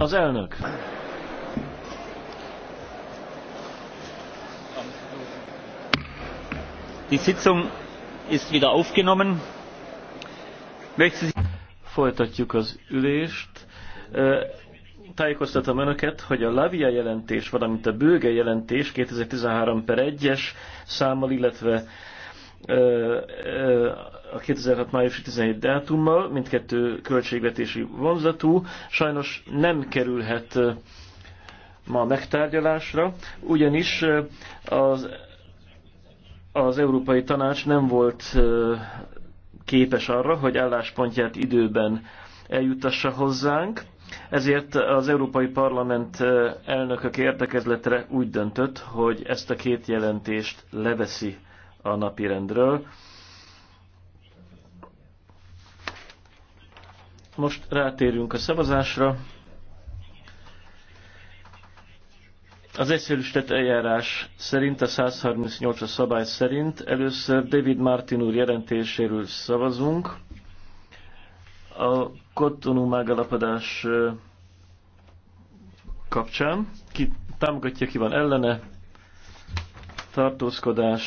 Az elnök. Die Sitzung ist wieder aufgenommen. Folytatjuk az ülést. Tájékoztatom Önöket, hogy a Lavia jelentés, valamint a Bőge jelentés 2013 per 1-es számmal, illetve a 2006. május 17 dátummal, mindkettő költségvetési vonzatú, sajnos nem kerülhet ma megtárgyalásra, ugyanis az, az Európai Tanács nem volt képes arra, hogy álláspontját időben eljuttassa hozzánk, ezért az Európai Parlament elnökök értekezletre úgy döntött, hogy ezt a két jelentést leveszi a napirendről. Most rátérünk a szavazásra. Az egyszerűsített eljárás szerint, a 138-as szabály szerint először David Martin úr jelentéséről szavazunk. A Kottonú megalapodás kapcsán. Ki támogatja, ki van ellene. Tartózkodás